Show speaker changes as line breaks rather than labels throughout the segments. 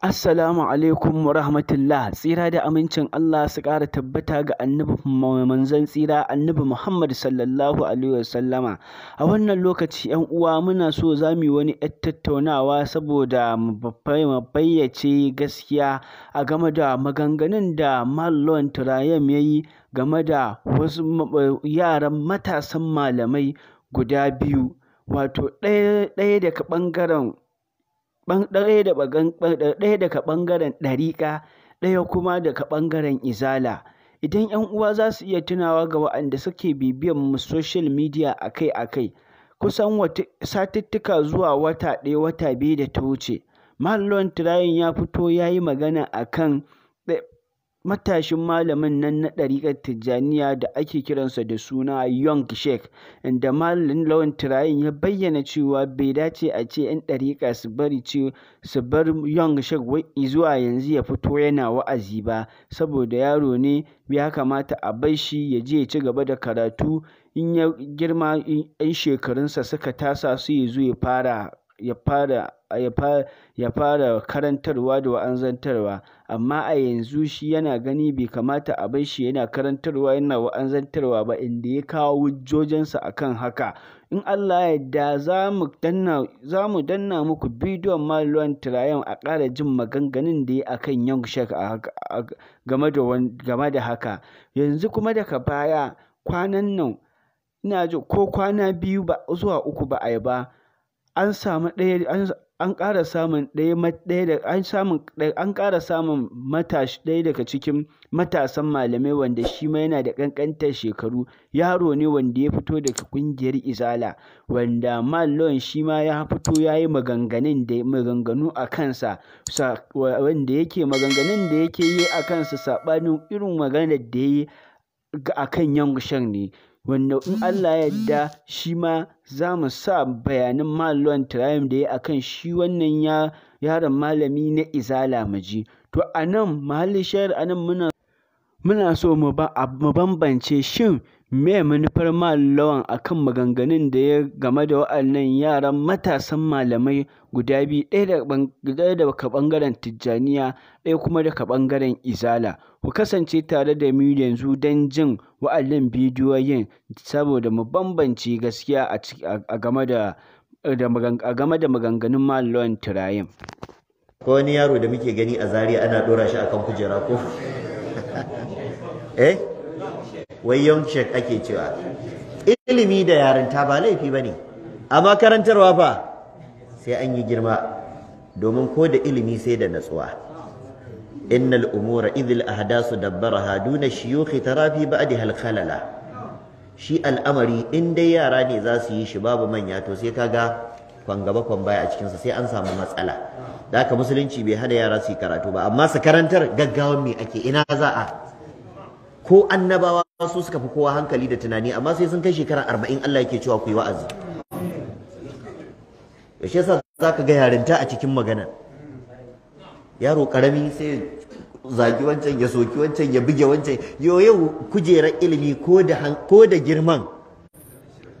Assalamu alaikum wa rahmatullah tsira da amincin Allah su ƙara tabbata ga annabi manzon tsira annabi Muhammad sallallahu alaihi wasallama a wannan lokaci yan uwa muna so za wani yar tattaunawa saboda mu bayyace gaskiya a game da maganganun da Mallon Turayem ya game da wasu eh, yaran matasan malamai guda biyu wato ɗaya daga ɓangaren ɗaya daga ɓangaren ɗariƙa ɗaya kuma daga ɓangaren izala. Idan ‘yan uwa za su iya tunawa ga waɗanda suke bibiyan mu social media akai-akai, kusan satuttuka zuwa wata ɗaya wata biyu da ta wuce, Marouane Traoré ya fito ya yi magana akan kan matashin malamin nan na ɗariƙar Tijjaniya da ake kiransa da suna Young Sheikh, inda malamin Lawan Tirayin ya bayyana cewa bai dace a ce 'yan ɗariƙa su bari ce su bar Young Sheikh wai zuwa yanzu ya fito yana wa'azi ba, saboda yaro ne ya kamata a bar shi ya je ya ci gaba da karatu in ya girma 'yan shekarunsa suka tasa su ya zo ya fara ya fara karantarwa da wa'azantarwa amma a yanzu shi yana gani bai kamata a bar shi yana karantarwa yana wa'azantarwa ba inda ya kawo a kan haka in Allah ya yarda za mu danna muku bidiyon malon Trayan a ƙara jin maganganun da ya akan Young Shark game da game da haka yanzu kuma daga baya kwanan nan ina ji ko kwana biyu ba zuwa uku ba a yi ba an samu ɗaya an ƙara samun ɗaya an ƙara samun matashi ɗaya daga cikin matasan malamai wanda shi ma yana da ƙanƙantar shekaru yaro ne wanda ya fito daga ƙungiyar izala wanda mallon shi ma ya fito ya yi maganganun da maganganu a kansa wanda yake maganganun da yake yi a kansa saɓanin irin maganar da ya yi a kan yangshan ne wanda in Allah ya yarda shi ma za mu sa bayanin malon Trayum da ya a kan shi wannan yaron malami na Izala maji To a nan mahallin shayar a nan muna Muna so mu bambance shin me manufar Malam Lawan a kan maganganun da ya game da waɗannan yaran matasan malamai guda biyu, ɗaya daga ɓangaren Tijjaniya, ɗaya kuma daga ɓangaren Izala. Ku kasance tare da mu yanzu don jin waɗannan bidiyoyin saboda mu bambance gaskiya a game da maganganun Malam Lawan Ko wani yaro da muke gani a Zaria ana ɗora shi akan kujera ko?
eh wai young shek ake cewa ilimi da yarinta ba laifi bane amma karantarwa fa sai an yi girma domin ko da ilimi sai da natsuwa innal umura idhil ahdasu dabbaraha duna shiyukhi tarafi a al-khalala shi al'amari in dai yara ne za su yi shi babu manya to sai ka ga gaba kwan baya a cikinsa sai an samu matsala da haka musulunci bai hada yara su yi karatu ba amma su karantar gaggawan me ake ina za a ko annabawa su suka fi kowa hankali da tunani amma sai sun kai shekara arba'in Allah yake cewa ku yi wa'azi yaushe yasa za ka ga yarinta a cikin magana yaro karami sai zagi wancan ya soki wancan ya buge wancan yo yau kujerar ilimi ko da girman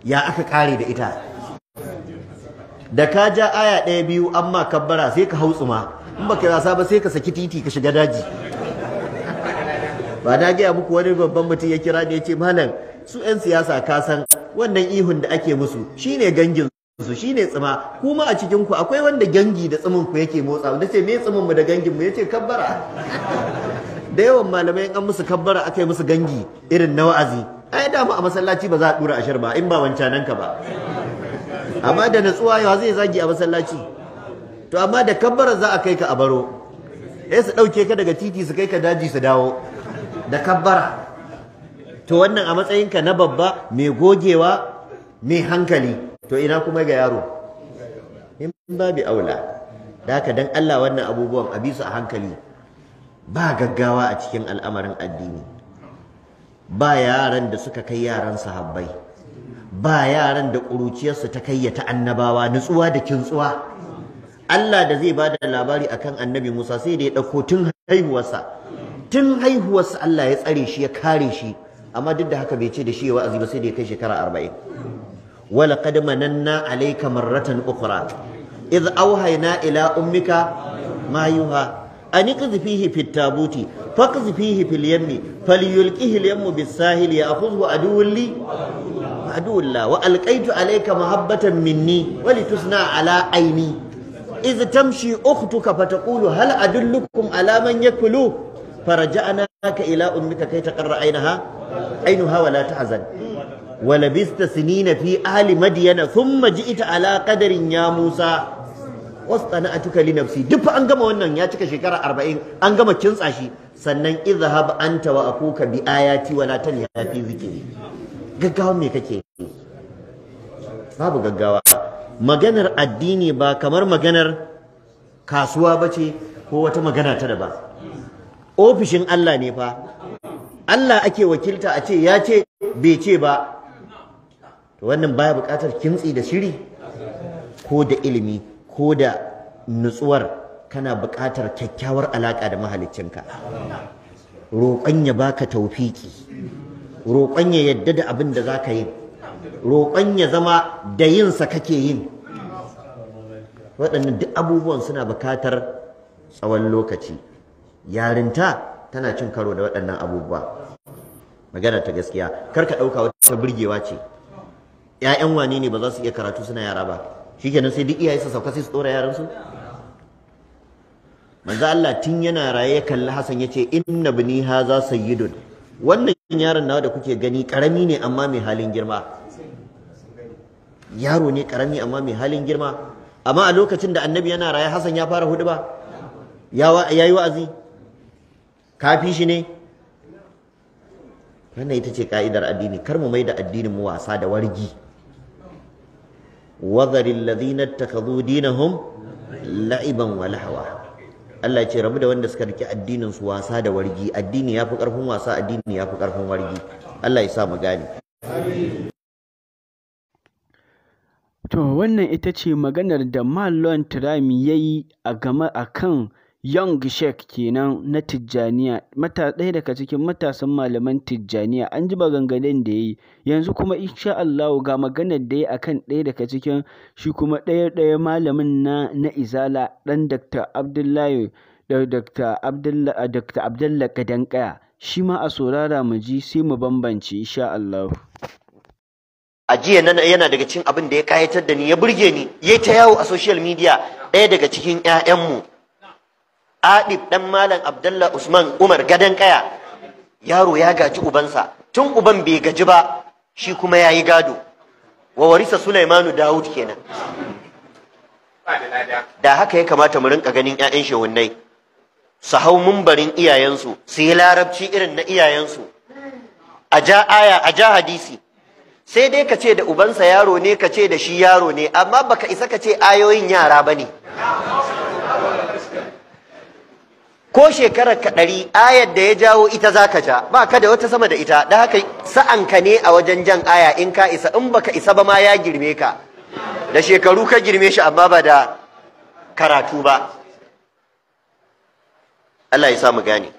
ya aka kare da ita da ka ja aya ɗaya biyu amma kabbara sai ka hau tsuma in baka rasa ba sai ka saki titi ka shiga daji ba na gaya muku wani babban mutum ya kira ne ya ce malam su 'yan siyasa ka san wannan ihun da ake musu shine gangin su shine tsima kuma a cikin ku akwai wanda gangi da tsimin ku yake motsa da ce me tsimin mu da gangin mu yace kabbara da yawan malamai an musu kabbara aka musu gangi irin na wa'azi ai da mu a masallaci ba za a dura ashar ba in ba wancanan ka ba amma da natsuwa yau zai zagi a masallaci to amma da kabbara za a kai ka a baro sai su dauke ka daga titi su kai ka daji su dawo da kabbara to wannan a matsayinka na babba mai gogewa mai hankali to ina kuma ga yaro in babu aula da haka dan Allah wannan abubuwan a bisu a hankali ba gaggawa a cikin al'amarin addini ba yaran da suka kai yaran sahabbai ba yaran da ƙuruciyarsu ta kai ta annabawa nutsuwa da kintsuwa Allah da zai ba da labari akan annabi Musa sai da ya ɗauko tun haihuwarsa tun haihuwar sa Allah ya tsare shi ya kare shi amma duk da haka bai ce da shi wa'azi ba sai da ya kai shekara arba'in wala qad mananna alayka marratan ukhra idh awhayna ila ummika ma yuha an iqdhifihi fit tabuti faqdhifihi fil yammi falyulqihi al yammu bis sahil ya'khudhu aduwwun li la wa alqaytu alayka mahabbatan minni wa litusna ala aini idh fata ukhtuka fataqulu hal adullukum ala ya yakulu faraja'naka ila ummika kai taqarra ainaha ainuha wa la tahzan wa labista sinina fi ahli madyana thumma ji'ta ala qadarin musa wasana'atuka duk an gama wannan ya cika shekara arba'in, an gama kintsa shi sannan idhhab anta wa akuka bi ayati wa la tanha fi zikri gaggawa me kake babu gaggawa maganar addini ba kamar maganar kasuwa bace ko wata magana ta da ba ofishin Allah ne fa Allah ake wakilta a ce ya ce bai ce ba wannan baya buƙatar kintsi da shiri ko da ilimi ko da nutsuwar kana buƙatar kyakkyawar alaƙa da mahaliccinka roƙon ya baka taufiki roƙon ya yadda da abin da zaka yi roƙon ya zama da yinsa kake yin waɗannan duk abubuwan suna buƙatar tsawon lokaci yarinta tana cin karo da waɗannan abubuwa magana ta gaskiya kar ka ɗauka wata burgewa ce ƴaƴan wani ne ba za su iya karatu suna yara ba shi shikenan sai duk iyaye su sauka sai su tsora yaran su manzo Allah tun yana raye ya kalli Hassan yace inna bini haza sayyidun wannan yaron nawa da kuke gani karami ne amma mai halin girma yaro ne karami amma mai halin girma amma a lokacin da annabi yana raye hasan ya fara hudu ba ya yi wa'azi kafi shi ne wannan ita ce ka'idar addini kar mu mai da addinin mu wasa da wargi wadharil ladina ittakhadhu dinahum la'iban wa lahwa Allah ce rabu da wanda suka rike addinin su wasa da wargi addini yafi karfin wasa addini yafi karfin wargi Allah ya sa mu gane
to wannan ita ce maganar da Malon ya yayi a game akan Young Sheikh kenan na Tijjaniya, mata ɗaya daga cikin matasan malaman Tijjaniya, an ji maganganun da ya yi, yanzu kuma insha Allah ga maganar da ya akan ɗaya daga cikin shi kuma ɗaya ɗaya malamin na na Izala ɗan Dr. Abdullahi da Dr. Abdullahi Dr. Abdullah Kadankaya, shi ma a saurara mu ji sai mu bambance insha Allah
a yana daga cikin abin da ya kayatar da ni ya burge ni ya ta yawo a social media ɗaya daga cikin 'ya'yanmu adib ɗan malam abdullah usman umar gadan kaya yaro ya gaji ubansa tun uban bai gaji ba shi kuma ya yi gado wa warisa sulaimanu dawud kenan da haka ya kamata mu rinka ganin 'ya'yan shehunnai su hau mumbarin iyayensu su yi larabci irin na iyayensu a ja aya a ja hadisi sai dai ka ce da ubansa yaro ne ka ce da shi yaro ne amma baka isa ka ce ayoyin yara ba ne ko shekarar ka ɗari ayar da ya jawo ita za ka ja ba ka da wata sama da ita da haka sa'an ka ne a wajen jan aya in ka isa in baka isa ba ma ya girme ka da shekaru ka girme shi amma ba da karatu ba Allah ya sa mu gane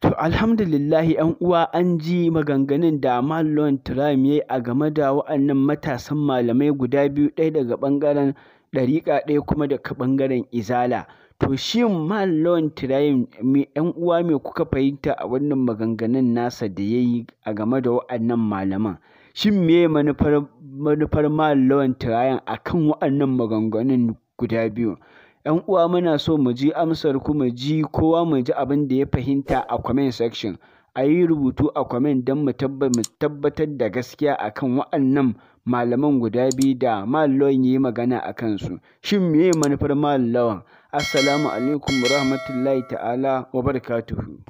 To alhamdulillahi ‘yan uwa an ji maganganun da Malon Turam ya a game da wa'annan matasan malamai guda biyu ɗaya daga ɓangaren ɗariƙa ɗaya kuma daga ɓangaren Izala. To shi shin tirayin mai ‘yan uwa me kuka fahimta a wannan maganganun nasa da ya yi a game da wa'annan malaman? Shin me manufar manufar Malam tirayin a kan wa'annan maganganun guda biyu? ‘Yan uwa muna so mu ji amsar ku mu ji kowa mu ji abin da ya fahimta a comment section. A yi rubutu a comment don mu tabbatar da gaskiya akan kan wa'annan malaman guda biyu da Mal yi magana a kansu. Shin meye manufar malawan Assalamu alaikum rahmatullahi ta'ala wa barakatuhu.